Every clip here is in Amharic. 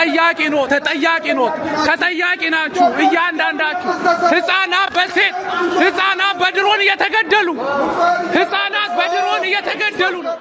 ተጠያቂ ኖት፣ ተጠያቂ ኖት። ተጠያቂ ናችሁ እያንዳንዳችሁ። ህፃናት በሴት ህፃናት በድሮን እየተገደሉ ህፃናት በድሮን እየተገደሉ ነው።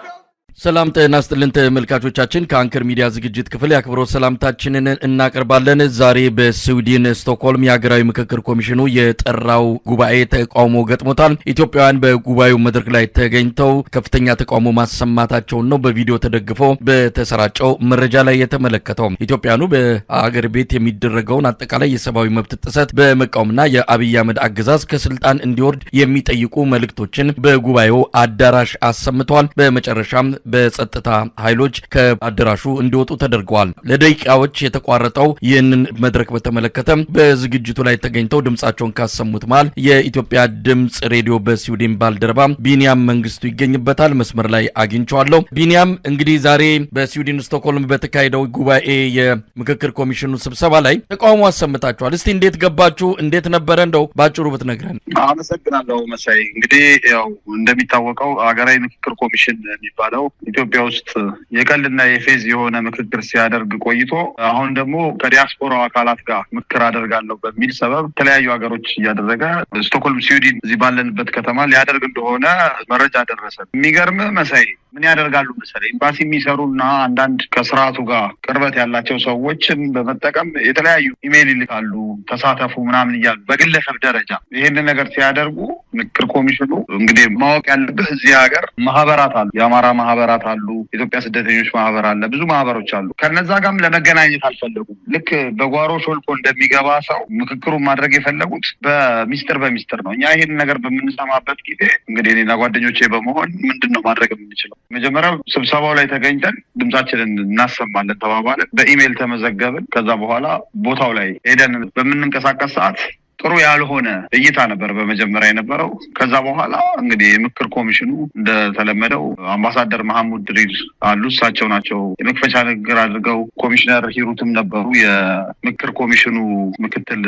ሰላም ጤና ስጥልን ተመልካቾቻችን፣ ከአንከር ሚዲያ ዝግጅት ክፍል የአክብሮት ሰላምታችንን እናቀርባለን። ዛሬ በስዊድን ስቶክሆልም የሀገራዊ ምክክር ኮሚሽኑ የጠራው ጉባኤ ተቃውሞ ገጥሞታል። ኢትዮጵያውያን በጉባኤው መድረክ ላይ ተገኝተው ከፍተኛ ተቃውሞ ማሰማታቸውን ነው በቪዲዮ ተደግፎ በተሰራጨው መረጃ ላይ የተመለከተው። ኢትዮጵያውያኑ በአገር ቤት የሚደረገውን አጠቃላይ የሰብአዊ መብት ጥሰት በመቃወምና የአብይ አህመድ አገዛዝ ከስልጣን እንዲወርድ የሚጠይቁ መልእክቶችን በጉባኤው አዳራሽ አሰምተዋል። በመጨረሻም በጸጥታ ኃይሎች ከአዳራሹ እንዲወጡ ተደርገዋል። ለደቂቃዎች የተቋረጠው ይህንን መድረክ በተመለከተ በዝግጅቱ ላይ ተገኝተው ድምጻቸውን ካሰሙት መሃል የኢትዮጵያ ድምፅ ሬዲዮ በስዊድን ባልደረባ ቢኒያም መንግስቱ ይገኝበታል። መስመር ላይ አግኝቸዋለሁ። ቢኒያም እንግዲህ ዛሬ በስዊድን ስቶክሆልም በተካሄደው ጉባኤ የምክክር ኮሚሽኑ ስብሰባ ላይ ተቃውሞ አሰምታችኋል። እስቲ እንዴት ገባችሁ? እንዴት ነበረ? እንደው በአጭሩ ብትነግረን። አመሰግናለሁ መሳይ። እንግዲህ ያው እንደሚታወቀው ሀገራዊ ምክክር ኮሚሽን የሚባለው ኢትዮጵያ ውስጥ የቀልድና የፌዝ የሆነ ምክክር ሲያደርግ ቆይቶ አሁን ደግሞ ከዲያስፖራው አካላት ጋር ምክክር አደርጋለሁ በሚል ሰበብ የተለያዩ ሀገሮች እያደረገ ስቶክሆልም ስዊድን፣ እዚህ ባለንበት ከተማ ሊያደርግ እንደሆነ መረጃ ደረሰ። የሚገርም መሳይ ምን ያደርጋሉ መሰለኝ ኤምባሲ የሚሰሩና አንዳንድ ከስርዓቱ ጋር ቅርበት ያላቸው ሰዎችን በመጠቀም የተለያዩ ኢሜይል ይልካሉ፣ ተሳተፉ ምናምን እያሉ በግለሰብ ደረጃ ይህንን ነገር ሲያደርጉ ምክር ኮሚሽኑ እንግዲህ ማወቅ ያለብህ እዚህ ሀገር ማህበራት አሉ የአማራ ማህበራት ማህበራት አሉ፣ ኢትዮጵያ ስደተኞች ማህበር አለ፣ ብዙ ማህበሮች አሉ። ከነዛ ጋርም ለመገናኘት አልፈለጉም። ልክ በጓሮ ሾልኮ እንደሚገባ ሰው ምክክሩን ማድረግ የፈለጉት በሚስጥር በሚስጥር ነው። እኛ ይሄን ነገር በምንሰማበት ጊዜ እንግዲህ እኔና ጓደኞቼ በመሆን ምንድን ነው ማድረግ የምንችለው? መጀመሪያ ስብሰባው ላይ ተገኝተን ድምጻችንን እናሰማለን ተባባለን። በኢሜይል ተመዘገብን። ከዛ በኋላ ቦታው ላይ ሄደን በምንንቀሳቀስ ሰዓት ጥሩ ያልሆነ እይታ ነበር በመጀመሪያ የነበረው። ከዛ በኋላ እንግዲህ የምክር ኮሚሽኑ እንደተለመደው አምባሳደር መሐሙድ ድሪር አሉ። እሳቸው ናቸው የመክፈቻ ንግግር አድርገው፣ ኮሚሽነር ሂሩትም ነበሩ፣ የምክር ኮሚሽኑ ምክትል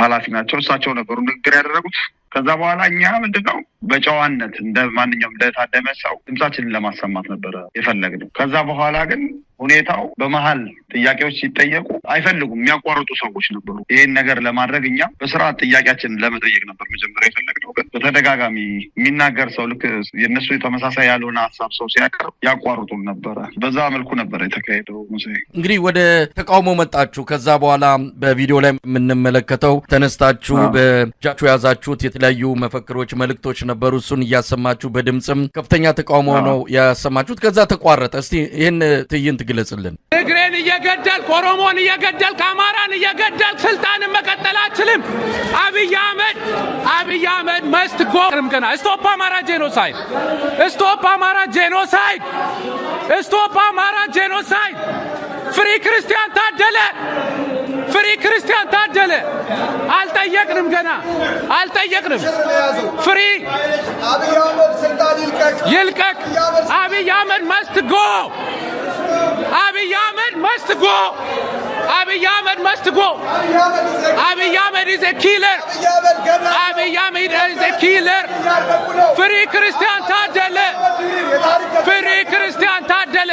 ኃላፊ ናቸው። እሳቸው ነበሩ ንግግር ያደረጉት። ከዛ በኋላ እኛ ምንድን ነው በጨዋነት እንደ ማንኛውም እንደታደመ ሰው ድምፃችንን ለማሰማት ነበረ የፈለግነው። ከዛ በኋላ ግን ሁኔታው በመሀል ጥያቄዎች ሲጠየቁ አይፈልጉም። የሚያቋርጡ ሰዎች ነበሩ። ይህን ነገር ለማድረግ እኛ በስርዓት ጥያቄያችን ለመጠየቅ ነበር መጀመሪያ የፈለግነው። በተደጋጋሚ የሚናገር ሰው ልክ የእነሱ ተመሳሳይ ያልሆነ ሀሳብ ሰው ሲያቀርብ ያቋርጡም ነበረ። በዛ መልኩ ነበረ የተካሄደው። ሙሴ እንግዲህ ወደ ተቃውሞ መጣችሁ። ከዛ በኋላ በቪዲዮ ላይ የምንመለከተው ተነስታችሁ በእጃችሁ የያዛችሁት የተለያዩ መፈክሮች፣ መልእክቶች ነበሩ። እሱን እያሰማችሁ በድምፅም ከፍተኛ ተቃውሞ ነው ያሰማችሁት። ከዛ ተቋረጠ። እስቲ ይህን ትዕይንት ይግለጽልን። ትግሬን እየገደልክ ኦሮሞን እየገደልክ አማራን እየገደልክ ስልጣንን መቀጠል አችልም። አብይ አህመድ አብይ አህመድ መስት ጎ ገና ስቶፕ አማራ ጄኖሳይድ ስቶፕ አማራ ጄኖሳይድ ስቶፕ አማራ ጄኖሳይድ ፍሪ ክርስቲያን ታደለ ፍሪ ክርስቲያን ታደለ አልጠየቅንም፣ ገና አልጠየቅንም። ፍሪ ይልቀቅ። አብይ አህመድ መስት ጎ አብይ አህመድ መስጎ Ahmed must go. Abiy Ahmed is a killer. Abiy Ahmed is a killer. ፍሪ ክርስቲያን ታደለ ፍሪ ክርስቲያን ታደለ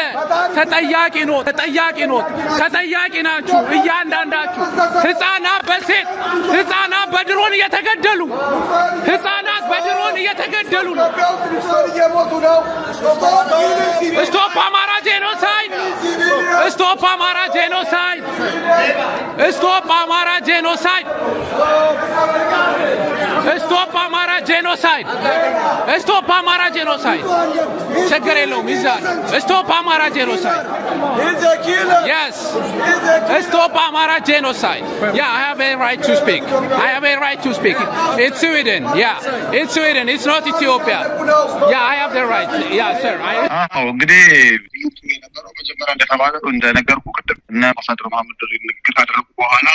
ተጠያቂ ኖት፣ ተጠያቂ ኖት፣ ተጠያቂ ናችሁ እያንዳንዳችሁ። ህፃናት በሴት ህፃናት በድሮን እየተገደሉ ህፃናት በድሮን እየተገደሉ ነው። ስቶፕ አማራ ጄኖሳይድ! ስቶፕ አማራ ጄኖሳይድ! ስቶፕ አማራ ጄኖሳይድ ስቶፕ አማራ ጄኖሳይድ፣ ስቶፕ አማራ ጄኖሳይድ፣ ችግር የለውም ይዛል። ስቶፕ አማራ ጄኖሳይድ፣ ስቶፕ አማራ ጄኖሳይድ። ያ አይ ሃቭ ኤ ራይት ቱ ስፒክ፣ አይ ሃቭ ኤ ራይት ቱ ስፒክ። ኢትስ ስዊድን፣ ያ ኢትስ ስዊድን፣ ኢትስ ኖት ኢትዮጵያ። ያ አይ ሃቭ ኤ ራይት። ያ ሰር። አዎ እንግዲህ የነበረው መጀመሪያ እንደተባለው እንደነገርኩ ቅድም እና አምባሳደር መሐመድ ንግግር ካደረጉ በኋላ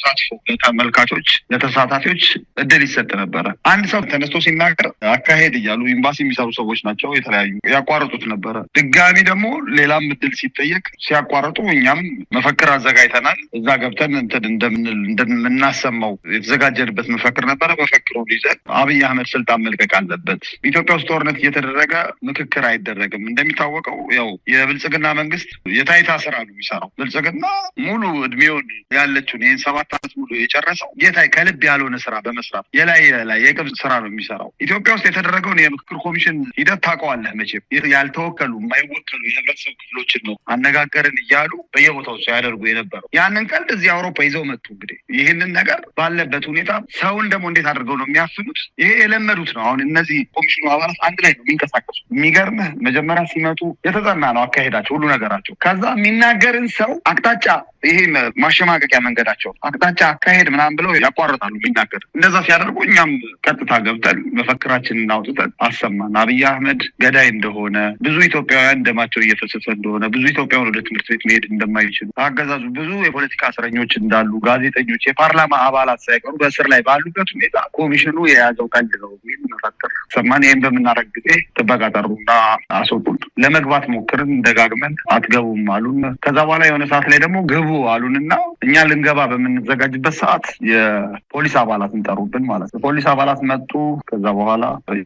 ለተሳትፎ ለተመልካቾች፣ ለተሳታፊዎች እድል ይሰጥ ነበረ። አንድ ሰው ተነስቶ ሲናገር አካሄድ እያሉ ኤምባሲ የሚሰሩ ሰዎች ናቸው የተለያዩ ያቋረጡት ነበረ። ድጋሚ ደግሞ ሌላም እድል ሲጠየቅ ሲያቋርጡ እኛም መፈክር አዘጋጅተናል። እዛ ገብተን እንትን እንደምንል እንደምናሰማው የተዘጋጀንበት መፈክር ነበረ። መፈክሩን ይዘን አብይ አህመድ ስልጣን መልቀቅ አለበት፣ ኢትዮጵያ ውስጥ ጦርነት እየተደረገ ምክክር አይደረግም። እንደሚታወቀው ያው የብልጽግና መንግስት የታይታ ስራ ነው የሚሰራው። ብልጽግና ሙሉ እድሜውን ያለችውን ይህን ሰባት አመታት ሙሉ የጨረሰው ጌታ ከልብ ያልሆነ ስራ በመስራት የላይ ላይ የቅብ ስራ ነው የሚሰራው። ኢትዮጵያ ውስጥ የተደረገውን የምክክር ኮሚሽን ሂደት ታውቀዋለህ መቼም። ያልተወከሉ የማይወከሉ የህብረተሰብ ክፍሎችን ነው አነጋገርን እያሉ በየቦታው ያደርጉ የነበረው። ያንን ቀልድ እዚህ አውሮፓ ይዘው መጡ። እንግዲህ ይህንን ነገር ባለበት ሁኔታ ሰውን ደግሞ እንዴት አድርገው ነው የሚያፍኑት? ይሄ የለመዱት ነው። አሁን እነዚህ ኮሚሽኑ አባላት አንድ ላይ ነው የሚንቀሳቀሱ። የሚገርምህ መጀመሪያ ሲመጡ የተጠና ነው አካሄዳቸው፣ ሁሉ ነገራቸው። ከዛ የሚናገርን ሰው አቅጣጫ ይሄ ማሸማቀቂያ መንገዳቸው አቅጣጫ፣ አካሄድ ምናምን ብለው ያቋርጣሉ የሚናገር እንደዛ ሲያደርጉ እኛም ቀጥታ ገብተን መፈክራችንን አውጥተን አሰማን። አብይ አህመድ ገዳይ እንደሆነ፣ ብዙ ኢትዮጵያውያን ደማቸው እየፈሰሰ እንደሆነ፣ ብዙ ኢትዮጵያውያን ወደ ትምህርት ቤት መሄድ እንደማይችሉ፣ አገዛዙ ብዙ የፖለቲካ እስረኞች እንዳሉ፣ ጋዜጠኞች፣ የፓርላማ አባላት ሳይቀሩ በእስር ላይ ባሉበት ሁኔታ ኮሚሽኑ የያዘው ቀልድ ነው የሚል መፈክር ሰማን። ይህም በምናደርግ ጊዜ ጥበቃ ጠሩና አስወጡን። ለመግባት ሞክርን፣ ደጋግመን አትገቡም አሉን። ከዛ በኋላ የሆነ ሰዓት ላይ ደግሞ ግቡ አሉንና እኛ ልንገባ በምንዘ በምናዘጋጅበት ሰዓት የፖሊስ አባላት እንጠሩብን ማለት ነው። ፖሊስ አባላት መጡ። ከዛ በኋላ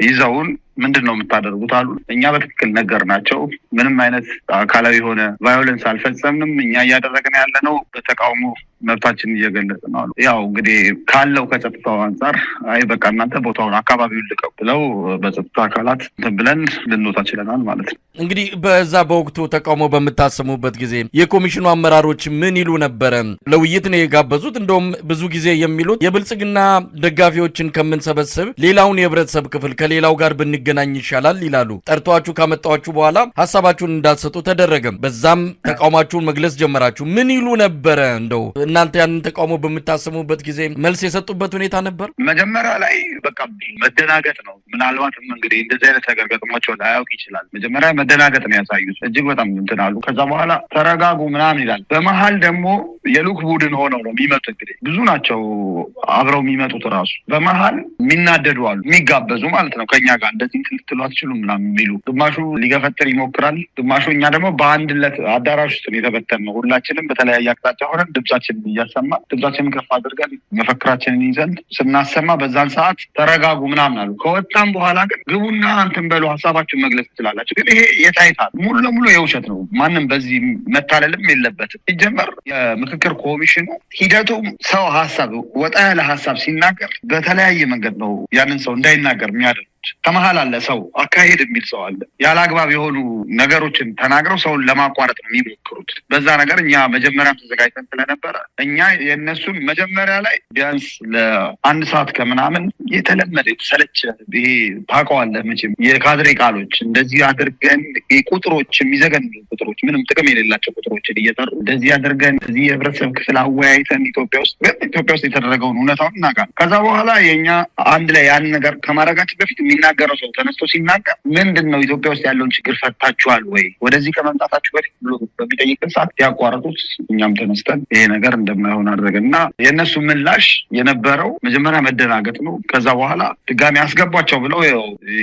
ይዘውን ምንድን ነው የምታደርጉት አሉ። እኛ በትክክል ነገር ናቸው። ምንም አይነት አካላዊ የሆነ ቫዮለንስ አልፈጸምንም። እኛ እያደረግን ያለ ነው በተቃውሞ መብታችንን እየገለጽ ነው አሉ። ያው እንግዲህ ካለው ከጸጥታው አንጻር አይ በቃ እናንተ ቦታውን አካባቢውን ልቀቁ ብለው በጸጥታ አካላት ብለን ልንወጣ ችለናል ማለት ነው። እንግዲህ በዛ በወቅቱ ተቃውሞ በምታሰሙበት ጊዜ የኮሚሽኑ አመራሮች ምን ይሉ ነበረ? ለውይይት ነው የጋበዙት። እንደውም ብዙ ጊዜ የሚሉት የብልጽግና ደጋፊዎችን ከምንሰበስብ ሌላውን የህብረተሰብ ክፍል ከሌላው ጋር ብን ሊገናኝ ይሻላል ይላሉ። ጠርቷችሁ ካመጣችሁ በኋላ ሀሳባችሁን እንዳትሰጡ ተደረገም። በዛም ተቃውማችሁን መግለጽ ጀመራችሁ። ምን ይሉ ነበረ? እንደው እናንተ ያንን ተቃውሞ በምታሰሙበት ጊዜ መልስ የሰጡበት ሁኔታ ነበር? መጀመሪያ ላይ በቃ መደናገጥ ነው። ምናልባትም እንግዲህ እንደዚህ አይነት ነገር ገጥሟቸው ላያውቅ ይችላል። መጀመሪያ መደናገጥ ነው ያሳዩት። እጅግ በጣም እንትን አሉ። ከዛ በኋላ ተረጋጉ ምናምን ይላል። በመሀል ደግሞ የሉክ ቡድን ሆነው ነው የሚመጡ። እንግዲህ ብዙ ናቸው አብረው የሚመጡት ራሱ በመሀል የሚናደዱ አሉ፣ የሚጋበዙ ማለት ነው። ከኛ ጋር እንደዚህ ልትሉ አትችሉም ምናምን የሚሉ ግማሹ ሊገፈጥር ይሞክራል። ግማሹ እኛ ደግሞ በአንድነት አዳራሽ ውስጥ ነው ሁላችንም በተለያየ አቅጣጫ ሆነን ድምጻችን እያሰማ ድምጻችንን ከፍ አድርገን መፈክራችንን ይዘን ስናሰማ በዛን ሰዓት ተረጋጉ ምናምን አሉ። ከወጣም በኋላ ግን ግቡና እንትን በሉ ሀሳባችሁን መግለጽ ትችላላችሁ። ግን ይሄ የታይታል ሙሉ ለሙሉ የውሸት ነው። ማንም በዚህ መታለልም የለበትም። ሲጀመር ምክክር ኮሚሽኑ ሂደቱ ሰው ሀሳብ ወጣ ያለ ሀሳብ ሲናገር በተለያየ መንገድ ነው ያንን ሰው እንዳይናገር የሚያደርግ ከመሀል አለ ሰው አካሄድ የሚል ሰው አለ። ያለ አግባብ የሆኑ ነገሮችን ተናግረው ሰውን ለማቋረጥ ነው የሚሞክሩት። በዛ ነገር እኛ መጀመሪያ ተዘጋጅተን ስለነበረ እኛ የእነሱን መጀመሪያ ላይ ቢያንስ ለአንድ ሰዓት ከምናምን የተለመደ የተሰለቸ ይሄ ታውቀዋለህ መቼም የካድሬ ቃሎች እንደዚህ አድርገን ቁጥሮች የሚዘገን ቁጥሮች ምንም ጥቅም የሌላቸው ቁጥሮችን እየጠሩ እንደዚህ አድርገን እዚህ የህብረተሰብ ክፍል አወያይተን ኢትዮጵያ ውስጥ ግን ኢትዮጵያ ውስጥ የተደረገውን እውነታውን እናውቃለን። ከዛ በኋላ የእኛ አንድ ላይ ያን ነገር ከማድረጋችን በፊት የሚናገረው ሰው ተነስቶ ሲናገር ምንድን ነው ኢትዮጵያ ውስጥ ያለውን ችግር ፈታችኋል ወይ ወደዚህ ከመምጣታችሁ በፊት ብሎ በሚጠይቅን ሰዓት ያቋረጡት፣ እኛም ተነስተን ይሄ ነገር እንደማይሆን አድረገ እና የእነሱ ምላሽ የነበረው መጀመሪያ መደናገጥ ነው። ከዛ በኋላ ድጋሚ አስገቧቸው ብለው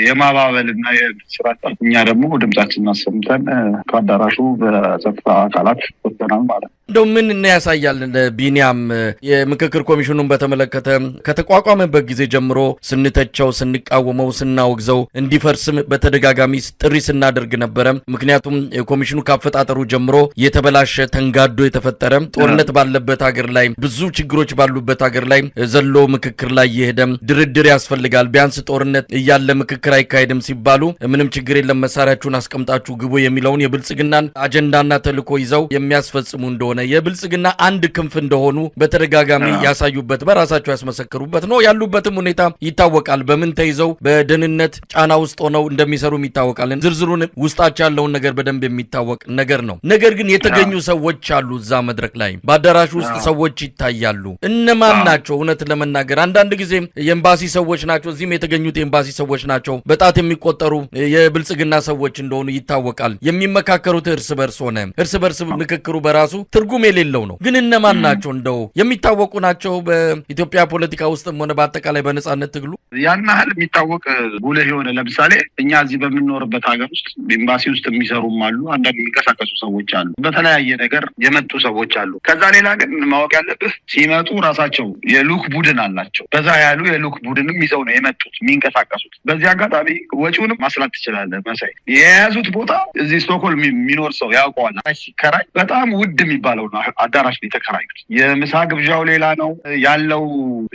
የማባበል እና የስራ እኛ ደግሞ ድምጻችን አሰምተን ከአዳራሹ በጸጥታ አካላት ወተናል ማለት ነው። እንደው ምን እና ያሳያል ቢኒያም የምክክር ኮሚሽኑን በተመለከተ ከተቋቋመበት ጊዜ ጀምሮ ስንተቸው፣ ስንቃወመው፣ ስናወግዘው እንዲፈርስም በተደጋጋሚ ጥሪ ስናደርግ ነበረ። ምክንያቱም ኮሚሽኑ ካፈጣጠሩ ጀምሮ የተበላሸ ተንጋዶ የተፈጠረ ጦርነት ባለበት ሀገር ላይ ብዙ ችግሮች ባሉበት ሀገር ላይ ዘሎ ምክክር ላይ የሄደም ድርድር ያስፈልጋል ቢያንስ ጦርነት እያለ ምክክር አይካሄድም ሲባሉ ምንም ችግር የለም መሳሪያችሁን አስቀምጣችሁ ግቡ የሚለውን የብልጽግናን አጀንዳና ተልዕኮ ይዘው የሚያስፈጽሙ እንደሆነ የብልጽግና አንድ ክንፍ እንደሆኑ በተደጋጋሚ ያሳዩበት በራሳቸው ያስመሰክሩበት ነው። ያሉበትም ሁኔታ ይታወቃል። በምን ተይዘው በደህንነት ጫና ውስጥ ሆነው እንደሚሰሩም ይታወቃል። ዝርዝሩን ውስጣቸው ያለውን ነገር በደንብ የሚታወቅ ነገር ነው። ነገር ግን የተገኙ ሰዎች አሉ። እዛ መድረክ ላይ በአዳራሹ ውስጥ ሰዎች ይታያሉ። እነማን ናቸው? እውነት ለመናገር አንዳንድ ጊዜ የኤምባሲ ሰዎች ናቸው። እዚህም የተገኙት የኤምባሲ ሰዎች ናቸው። በጣት የሚቆጠሩ የብልጽግና ሰዎች እንደሆኑ ይታወቃል። የሚመካከሩት እርስ በርስ ሆነ እርስ በርስ ምክክሩ በራሱ ትርጉ ትርጉም የሌለው ነው። ግን እነማን ናቸው? እንደው የሚታወቁ ናቸው በኢትዮጵያ ፖለቲካ ውስጥም ሆነ በአጠቃላይ በነጻነት ትግሉ ያን ያህል የሚታወቅ ጉልህ የሆነ ለምሳሌ እኛ እዚህ በምንኖርበት ሀገር ውስጥ ኤምባሲ ውስጥ የሚሰሩም አሉ፣ አንዳንድ የሚንቀሳቀሱ ሰዎች አሉ፣ በተለያየ ነገር የመጡ ሰዎች አሉ። ከዛ ሌላ ግን ማወቅ ያለብህ ሲመጡ ራሳቸው የልኡክ ቡድን አላቸው። በዛ ያሉ የልኡክ ቡድንም ይዘው ነው የመጡት የሚንቀሳቀሱት። በዚህ አጋጣሚ ወጪውንም ማስላት ትችላለህ። መሳይ የያዙት ቦታ እዚህ ስቶክሆልም የሚኖር ሰው ያውቀዋል። ሲከራይ በጣም ውድ የሚባል የሚባለው አዳራሽ ነው የተከራዩት። የምሳ ግብዣው ሌላ ነው ያለው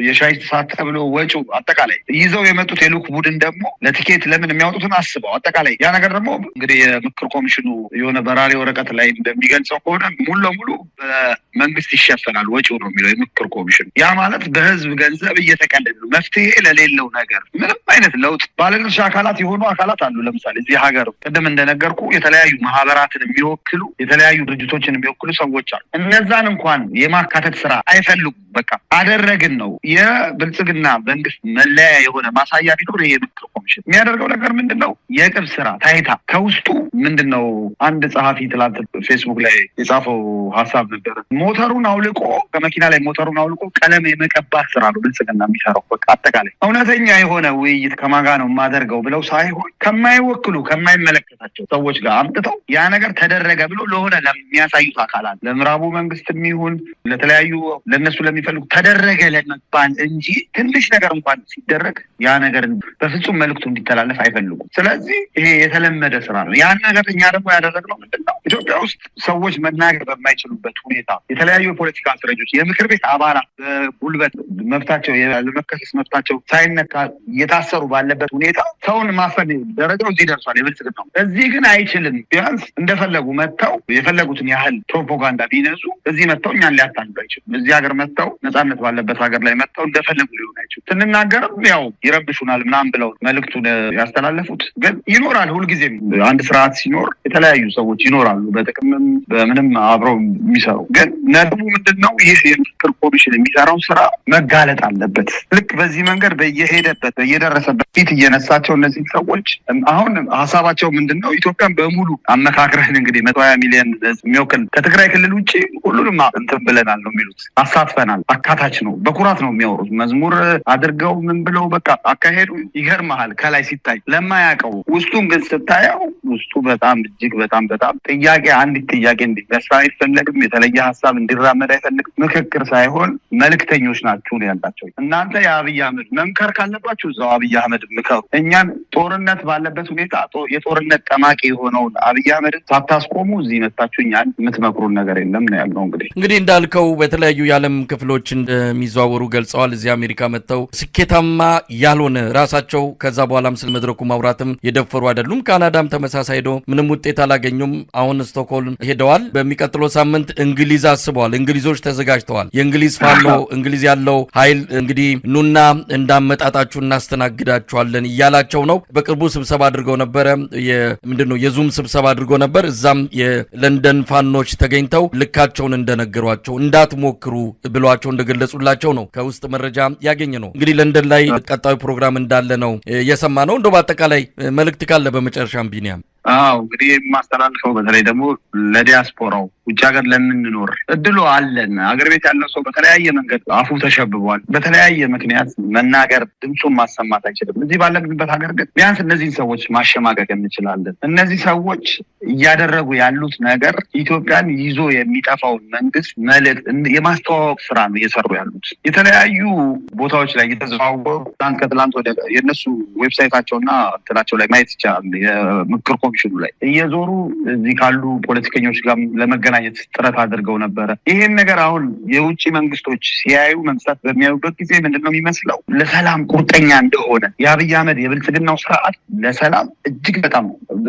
የሻይ ሰዓት ተብሎ ወጪው አጠቃላይ ይዘው የመጡት የልዑክ ቡድን ደግሞ ለትኬት ለምን የሚያወጡትን አስበው አጠቃላይ ያ ነገር ደግሞ እንግዲህ የምክር ኮሚሽኑ የሆነ በራሪ ወረቀት ላይ እንደሚገልጸው ከሆነ ሙሉ ለሙሉ በመንግስት ይሸፈናል ወጪው ነው የሚለው የምክር ኮሚሽኑ። ያ ማለት በህዝብ ገንዘብ እየተቀለድ ነው መፍትሄ ለሌለው ነገር ምንም አይነት ለውጥ ባለድርሻ አካላት የሆኑ አካላት አሉ። ለምሳሌ እዚህ ሀገር ቅድም እንደነገርኩ የተለያዩ ማህበራትን የሚወክሉ የተለያዩ ድርጅቶችን የሚወክሉ ሰዎች አሉ። እነዛን እንኳን የማካተት ስራ አይፈልጉም። በቃ አደረግን ነው። የብልጽግና መንግስት መለያ የሆነ ማሳያ ቢኖር ይሄ ምክር ኮሚሽን የሚያደርገው ነገር ምንድን ነው? የቅርብ ስራ ታይታ ከውስጡ ምንድን ነው? አንድ ጸሐፊ ትላንት ፌስቡክ ላይ የጻፈው ሀሳብ ነበረ። ሞተሩን አውልቆ ከመኪና ላይ ሞተሩን አውልቆ ቀለም የመቀባት ስራ ነው ብልጽግና የሚሰራው። በቃ አጠቃላይ እውነተኛ የሆነ ውይይት ከማጋ ነው የማደርገው ብለው ሳይሆን ከማይወክሉ ከማይመለከታቸው ሰዎች ጋር አምጥተው ያ ነገር ተደረገ ብሎ ለሆነ ለሚያሳዩት አካላት ለምዕራቡ መንግስት የሚሆን ለተለያዩ ለእነሱ ለሚ የሚፈልጉ ተደረገ ለመባል እንጂ ትንሽ ነገር እንኳን ሲደረግ ያ ነገር በፍጹም መልዕክቱ እንዲተላለፍ አይፈልጉም። ስለዚህ ይሄ የተለመደ ስራ ነው። ያን ነገር እኛ ደግሞ ያደረግነው ምንድን ኢትዮጵያ ውስጥ ሰዎች መናገር በማይችሉበት ሁኔታ የተለያዩ የፖለቲካ እስረኞች፣ የምክር ቤት አባላት በጉልበት መብታቸው ለመከሰስ መብታቸው ሳይነካ እየታሰሩ ባለበት ሁኔታ ሰውን ማፈን ደረጃው እዚህ ደርሷል። የብልጽግና ነው። እዚህ ግን አይችልም። ቢያንስ እንደፈለጉ መጥተው የፈለጉትን ያህል ፕሮፓጋንዳ ቢነዙ እዚህ መጥተው እኛን ሊያታሉ አይችሉም። እዚህ ሀገር መጥተው ነጻነት ባለበት ሀገር ላይ መጥተው እንደፈለጉ ሊሆን አይችሉ። ስንናገርም ያው ይረብሹናል ምናምን ብለው መልዕክቱን ያስተላለፉት ግን ይኖራል። ሁልጊዜም አንድ ስርዓት ሲኖር የተለያዩ ሰዎች ይኖራሉ፣ በጥቅምም በምንም አብረው የሚሰሩ ግን ነቡ ምንድን ነው? ይህ የምክክር ኮሚሽን የሚሰራው ስራ መጋለጥ አለበት። ልክ በዚህ መንገድ በየሄደበት በየደረሰበት ፊት እየነሳቸው እነዚህ ሰዎች አሁን ሀሳባቸው ምንድን ነው? ኢትዮጵያን በሙሉ አመካክረን እንግዲህ መቶ ሀያ ሚሊዮን የሚወክል ከትግራይ ክልል ውጭ ሁሉንም እንትን ብለናል ነው የሚሉት አሳትፈናል ይገርመኛል። አካታች ነው። በኩራት ነው የሚያወሩት። መዝሙር አድርገው ምን ብለው በቃ አካሄዱ ይገርመሃል ከላይ ሲታይ ለማያውቀው፣ ውስጡን ግን ስታየው ውስጡ በጣም እጅግ በጣም በጣም ጥያቄ አንዲት ጥያቄ እንዲነሳ አይፈለግም። የተለየ ሀሳብ እንዲራመድ አይፈልግም። ምክክር ሳይሆን መልእክተኞች ናችሁ ነው ያላቸው። እናንተ የአብይ አህመድ መምከር ካለባችሁ እዛው አብይ አህመድ ምከሩ። እኛን ጦርነት ባለበት ሁኔታ የጦርነት ጠማቂ የሆነውን አብይ አህመድን ሳታስቆሙ እዚህ መታችሁ እኛን የምትመክሩን ነገር የለም ነው ያለው። እንግዲህ እንግዲህ እንዳልከው በተለያዩ የዓለም ክፍል ክፍሎች እንደሚዘዋወሩ ገልጸዋል። እዚህ አሜሪካ መጥተው ስኬታማ ያልሆነ ራሳቸው ከዛ በኋላም ስለ መድረኩ ማውራትም የደፈሩ አይደሉም። ካናዳም ተመሳሳይ ሄዶ ምንም ውጤት አላገኙም። አሁን ስቶክሆልም ሄደዋል። በሚቀጥለው ሳምንት እንግሊዝ አስበዋል። እንግሊዞች ተዘጋጅተዋል። የእንግሊዝ ፋኖ እንግሊዝ ያለው ኃይል እንግዲህ ኑና እንዳመጣጣችሁ እናስተናግዳችኋለን እያላቸው ነው። በቅርቡ ስብሰባ አድርገው ነበረ። ምንድን ነው የዙም ስብሰባ አድርገው ነበር። እዛም የለንደን ፋኖች ተገኝተው ልካቸውን እንደነገሯቸው እንዳትሞክሩ ብሏቸው በበኩላቸው እንደገለጹላቸው ነው ከውስጥ መረጃ ያገኘ ነው። እንግዲህ ለንደን ላይ ቀጣዩ ፕሮግራም እንዳለ ነው የሰማ ነው። እንደው በአጠቃላይ መልእክት ካለ በመጨረሻም ቢኒያም አዎ እንግዲህ የማስተላልፈው በተለይ ደግሞ ለዲያስፖራው ውጭ ሀገር ለምንኖር እድሉ አለን። ሀገር ቤት ያለው ሰው በተለያየ መንገድ አፉ ተሸብቧል። በተለያየ ምክንያት መናገር ድምፁን ማሰማት አይችልም። እዚህ ባለንበት ሀገር ግን ቢያንስ እነዚህን ሰዎች ማሸማቀቅ እንችላለን። እነዚህ ሰዎች እያደረጉ ያሉት ነገር ኢትዮጵያን ይዞ የሚጠፋውን መንግስት መልዕክት የማስተዋወቅ ስራ ነው እየሰሩ ያሉት። የተለያዩ ቦታዎች ላይ እየተዘዋወሩ ትናንት ከትላንት ወደ የእነሱ ዌብሳይታቸውና እንትናቸው ላይ ማየት ይቻላል የምክር ኮሚሽኑ ላይ እየዞሩ እዚህ ካሉ ፖለቲከኞች ጋር ለመገናኘት ጥረት አድርገው ነበረ። ይህን ነገር አሁን የውጭ መንግስቶች ሲያዩ መንግስታት በሚያዩበት ጊዜ ምንድን ነው የሚመስለው? ለሰላም ቁርጠኛ እንደሆነ የአብይ አህመድ የብልጽግናው ስርዓት ለሰላም እጅግ በጣም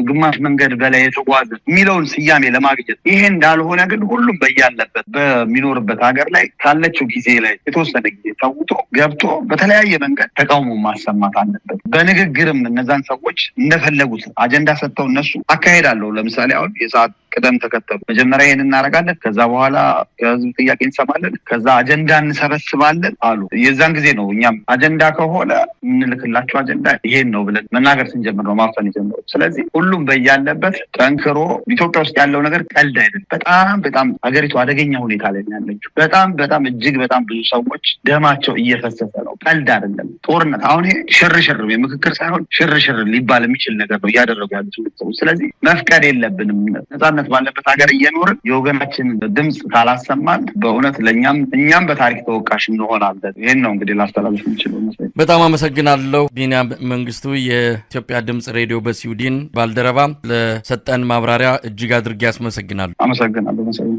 ግማሽ መንገድ በላይ የተጓዘ የሚለውን ስያሜ ለማግኘት ይሄ እንዳልሆነ ግን ሁሉም በያለበት በሚኖርበት ሀገር ላይ ካለችው ጊዜ ላይ የተወሰነ ጊዜ ተውቶ ገብቶ በተለያየ መንገድ ተቃውሞ ማሰማት አለበት። በንግግርም እነዛን ሰዎች እንደፈለጉት አጀንዳ ሰጥተው እነሱ አካሄድ አለው። ለምሳሌ አሁን የሰዓት ቅደም ተከተሉ መጀመሪያ ይህን እናደርጋለን፣ ከዛ በኋላ የህዝብ ጥያቄ እንሰማለን፣ ከዛ አጀንዳ እንሰበስባለን አሉ። የዛን ጊዜ ነው እኛም አጀንዳ ከሆነ የምንልክላቸው አጀንዳ ይሄን ነው ብለን መናገር ስንጀምር ነው ማፈን የጀምሩ ስለዚህ ሁሉም በያለበት ጠንክሮ ኢትዮጵያ ውስጥ ያለው ነገር ቀልድ አይደለም። በጣም በጣም አገሪቱ አደገኛ ሁኔታ ላይ ያለችው በጣም በጣም እጅግ በጣም ብዙ ሰዎች ደማቸው እየፈሰሰ ነው። ቀልድ አይደለም ጦርነት። አሁን ይሄ ሽርሽር የምክክር ሳይሆን ሽርሽር ሊባል የሚችል ነገር ነው እያደረጉ ያሉት። ስለዚህ መፍቀድ የለብንም ነጻነት ባለበት ሀገር እየኖርን የወገናችን ድምፅ ካላሰማን በእውነት ለእኛም እኛም በታሪክ ተወቃሽ እንሆናለን። ይህን ነው እንግዲህ ላስተላለፍ የምችለው። በጣም አመሰግናለሁ። ቢንያም መንግስቱ የኢትዮጵያ ድምፅ ሬዲዮ በስዊድን ባልደረባ ለሰጠን ማብራሪያ እጅግ አድርጌ አስመሰግናለሁ። አመሰግናለሁ።